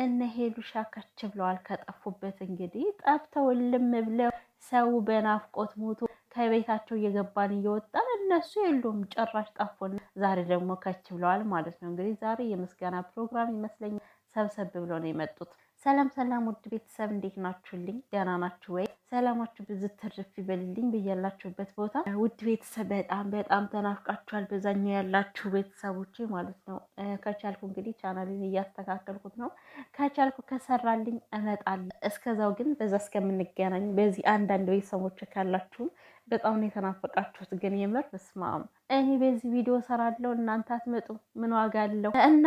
እነ ሄሉሻ ከች ብለዋል። ከጠፉበት እንግዲህ ጠፍተው ልም ብለው ሰው በናፍቆት ሙቶ ከቤታቸው እየገባን እየወጣን እነሱ የሉም ጭራሽ ጠፉን። ዛሬ ደግሞ ከች ብለዋል ማለት ነው። እንግዲህ ዛሬ የምስጋና ፕሮግራም ይመስለኛል ሰብሰብ ብለው ነው የመጡት። ሰላም ሰላም፣ ውድ ቤተሰብ እንዴት ናችሁልኝ? ደህና ናችሁ ወይ? ሰላማችሁ ብዙ ትርፍ ይበልልኝ በያላችሁበት ቦታ። ውድ ቤተሰብ በጣም በጣም ተናፍቃችኋል፣ በዛኛው ያላችሁ ቤተሰቦች ማለት ነው። ከቻልኩ እንግዲህ ቻናልን እያስተካከልኩት ነው። ከቻልኩ ከሰራልኝ እመጣለሁ። እስከዛው ግን በዛ እስከምንገናኝ በዚህ አንዳንድ ቤተሰቦች ካላችሁም በጣም ነው የተናፈቃችሁት። ግን የምር ስማም እኔ በዚህ ቪዲዮ ሰራለው፣ እናንተ አትመጡ ምን ዋጋ አለው? እና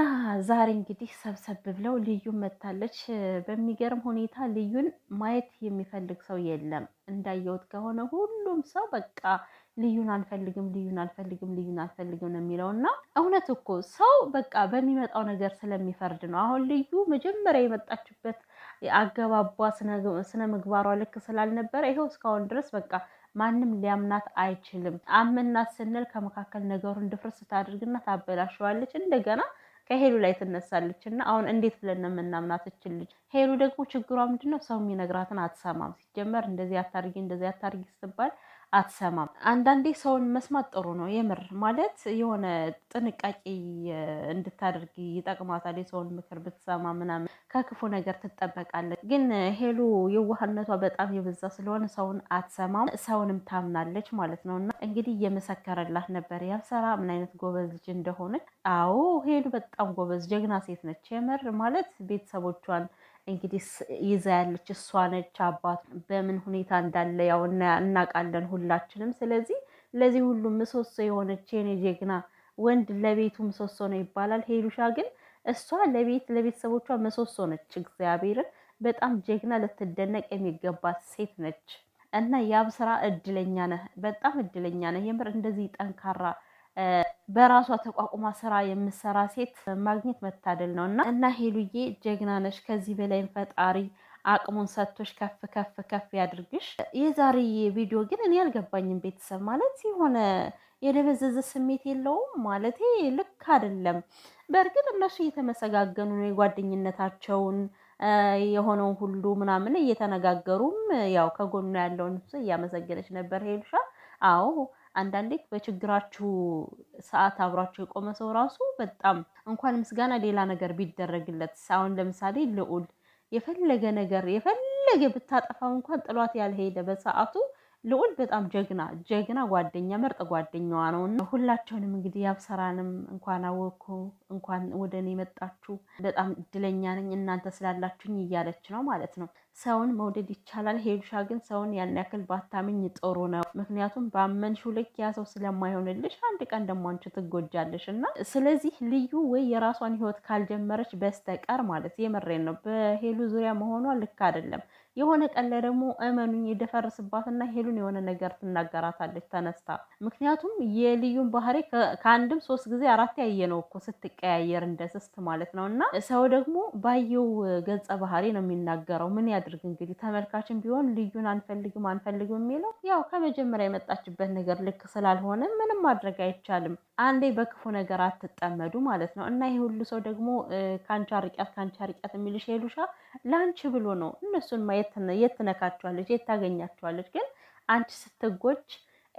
ዛሬ እንግዲህ ሰብሰብ ብለው ልዩ መታለች። በሚገርም ሁኔታ ልዩን ማየት የሚፈልግ ሰው የለም። እንዳየሁት ከሆነ ሁሉም ሰው በቃ ልዩን አልፈልግም፣ ልዩን አልፈልግም፣ ልዩን አልፈልግም ነው የሚለው። እና እውነት እኮ ሰው በቃ በሚመጣው ነገር ስለሚፈርድ ነው። አሁን ልዩ መጀመሪያ የመጣችበት አገባቧ፣ ስነ ምግባሯ ልክ ስላልነበረ ይኸው እስካሁን ድረስ በቃ ማንም ሊያምናት አይችልም። አምናት ስንል ከመካከል ነገሩን ድፍርስ ስታደርግና ታበላሸዋለች። እንደገና ከሄሉ ላይ ትነሳለች እና አሁን እንዴት ብለን የምናምናት እችል ልጅ ሄሉ ደግሞ ችግሯ ነው? ሰው የሚነግራትን አትሰማም። ሲጀመር እንደዚህ አታርጊ እንደዚህ አታርጊ ስትባል አትሰማም። አንዳንዴ ሰውን መስማት ጥሩ ነው። የምር ማለት የሆነ ጥንቃቄ እንድታደርግ ይጠቅማታል። የሰውን ምክር ብትሰማ ምናምን ከክፉ ነገር ትጠበቃለች። ግን ሄሉ የዋህነቷ በጣም የበዛ ስለሆነ ሰውን አትሰማም፣ ሰውንም ታምናለች ማለት ነው። እና እንግዲህ እየመሰከረላት ነበር ያብሰራ ምን አይነት ጎበዝ ልጅ እንደሆነች። አዎ ሄሉ በጣም ጎበዝ ጀግና ሴት ነች። የምር ማለት ቤተሰቦቿን እንግዲህ ይዛ ያለች እሷ ነች። አባት በምን ሁኔታ እንዳለ ያው እናውቃለን ሁላችንም። ስለዚህ ለዚህ ሁሉ ምሰሶ የሆነች የኔ ጀግና ወንድ ለቤቱ ምሰሶ ነው ይባላል። ሄሉሻ ግን እሷ ለቤት ለቤተሰቦቿ ምሰሶ ነች። እግዚአብሔርን በጣም ጀግና ልትደነቅ የሚገባት ሴት ነች። እና ያብ ስራ እድለኛ ነህ፣ በጣም እድለኛ ነህ የምር እንደዚህ ጠንካራ በራሷ ተቋቁማ ስራ የምሰራ ሴት ማግኘት መታደል ነው እና እና ሄሉዬ ጀግና ነሽ። ከዚህ በላይም ፈጣሪ አቅሙን ሰጥቶሽ ከፍ ከፍ ከፍ ያድርግሽ። የዛሬ ቪዲዮ ግን እኔ አልገባኝም። ቤተሰብ ማለት የሆነ የደበዘዘ ስሜት የለውም ማለት ልክ አይደለም። በእርግጥ እነሱ እየተመሰጋገኑ ነው የጓደኝነታቸውን የሆነው ሁሉ ምናምን እየተነጋገሩም ያው ከጎኑ ያለውን እያመሰገነች ነበር ሄሉሻ። አዎ አንዳንዴ በችግራችሁ ሰዓት አብሯችሁ የቆመ ሰው ራሱ በጣም እንኳን ምስጋና ሌላ ነገር ቢደረግለት፣ አሁን ለምሳሌ ልዑል የፈለገ ነገር የፈለገ ብታጠፋው እንኳን ጥሏት ያልሄደ በሰዓቱ ልዑል በጣም ጀግና ጀግና ጓደኛ ምርጥ ጓደኛዋ ነው እና ሁላቸውንም እንግዲህ ያብሰራንም እንኳን አወኩ እንኳን ወደ እኔ መጣችሁ በጣም እድለኛ ነኝ እናንተ ስላላችሁኝ እያለች ነው ማለት ነው። ሰውን መውደድ ይቻላል። ሄዱሻ ግን ሰውን ያን ያክል ባታምኝ ጥሩ ነው። ምክንያቱም ባመንሽው ልክ ያ ሰው ስለማይሆንልሽ አንድ ቀን ደግሞ አንቺ ትጎጃለሽ እና ስለዚህ ልዩ ወይ የራሷን ህይወት ካልጀመረች በስተቀር ማለት የመሬን ነው በሄሉ ዙሪያ መሆኗ ልክ አይደለም። የሆነ ቀን ላይ ደግሞ እመኑኝ የደፈርስባትና ሄሉን የሆነ ነገር ትናገራታለች ተነስታ። ምክንያቱም የልዩን ባህሪ ከአንድም ሶስት ጊዜ አራት ያየ ነው እኮ ስትቀያየር እንደ ስስት ማለት ነው። እና ሰው ደግሞ ባየው ገጸ ባህሪ ነው የሚናገረው። ምን ያድርግ እንግዲህ ተመልካችን ቢሆን ልዩን አንፈልግም አንፈልግም የሚለው ያው ከመጀመሪያ የመጣችበት ነገር ልክ ስላልሆነ ምንም ማድረግ አይቻልም። አንዴ በክፉ ነገር አትጠመዱ ማለት ነው። እና ይህ ሁሉ ሰው ደግሞ ከአንቺ አርቂያት ከአንቺ አርቂያት የሚልሽ ሄሉሻ ለአንቺ ብሎ ነው እነሱን ማየት የት ትነካችኋለች፣ የት ታገኛችኋለች። ግን አንቺ ስትጎች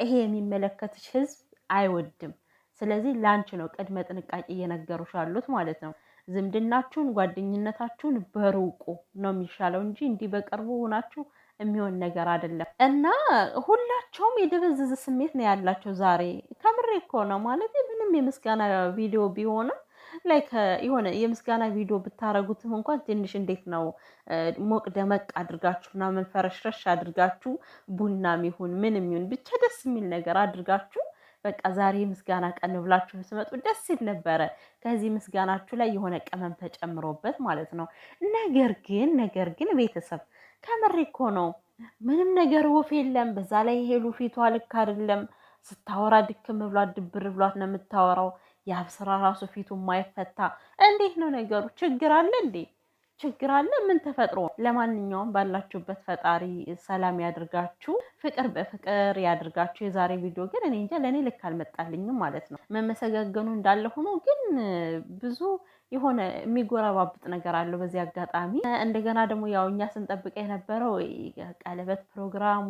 ይሄ የሚመለከትሽ ህዝብ አይወድም። ስለዚህ ለአንቺ ነው ቅድመ ጥንቃቄ እየነገሩሽ ያሉት ማለት ነው። ዝምድናችሁን፣ ጓደኝነታችሁን በሩቁ ነው የሚሻለው እንጂ እንዲህ በቅርቡ ሆናችሁ የሚሆን ነገር አይደለም። እና ሁላቸውም የደበዘዘ ስሜት ነው ያላቸው ዛሬ። ከምሬ እኮ ነው ማለት ምንም የምስጋና ቪዲዮ ቢሆንም ላይክ የሆነ የምስጋና ቪዲዮ ብታረጉትም እንኳን ትንሽ እንዴት ነው ሞቅ ደመቅ አድርጋችሁ ምናምን ፈረሽረሽ አድርጋችሁ ቡናም ይሁን ምንም ይሁን ብቻ ደስ የሚል ነገር አድርጋችሁ በቃ ዛሬ ምስጋና ቀን ብላችሁ ስመጡ ደስ ይል ነበረ። ከዚህ ምስጋናችሁ ላይ የሆነ ቅመም ተጨምሮበት ማለት ነው። ነገር ግን ነገር ግን ቤተሰብ ከምሬ እኮ ነው ምንም ነገር ወፍ የለም። በዛ ላይ ሄሉ ፊቷ ልክ አይደለም። ስታወራ ድክም ብሏት ድብር ብሏት ነው የምታወራው። የአብ ስራ ራሱ ፊቱ ማይፈታ እንዴት ነው ነገሩ? ችግር አለ እንዴ? ችግር አለ? ምን ተፈጥሮ? ለማንኛውም ባላችሁበት ፈጣሪ ሰላም ያድርጋችሁ፣ ፍቅር በፍቅር ያድርጋችሁ። የዛሬ ቪዲዮ ግን እኔ እንጃ ለእኔ ልክ አልመጣልኝም ማለት ነው። መመሰጋገኑ እንዳለ ሆኖ ግን ብዙ የሆነ የሚጎረባብጥ ነገር አለው በዚህ አጋጣሚ። እንደገና ደግሞ ያው እኛ ስንጠብቀ የነበረው ቀለበት ፕሮግራሙ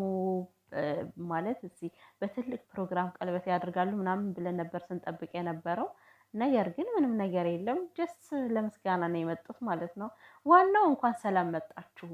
ማለት እዚህ በትልቅ ፕሮግራም ቀለበት ያደርጋሉ ምናምን ብለን ነበር ስንጠብቅ የነበረው። ነገር ግን ምንም ነገር የለም። ጀስት ለምስጋና ነው የመጡት ማለት ነው። ዋናው እንኳን ሰላም መጣችሁ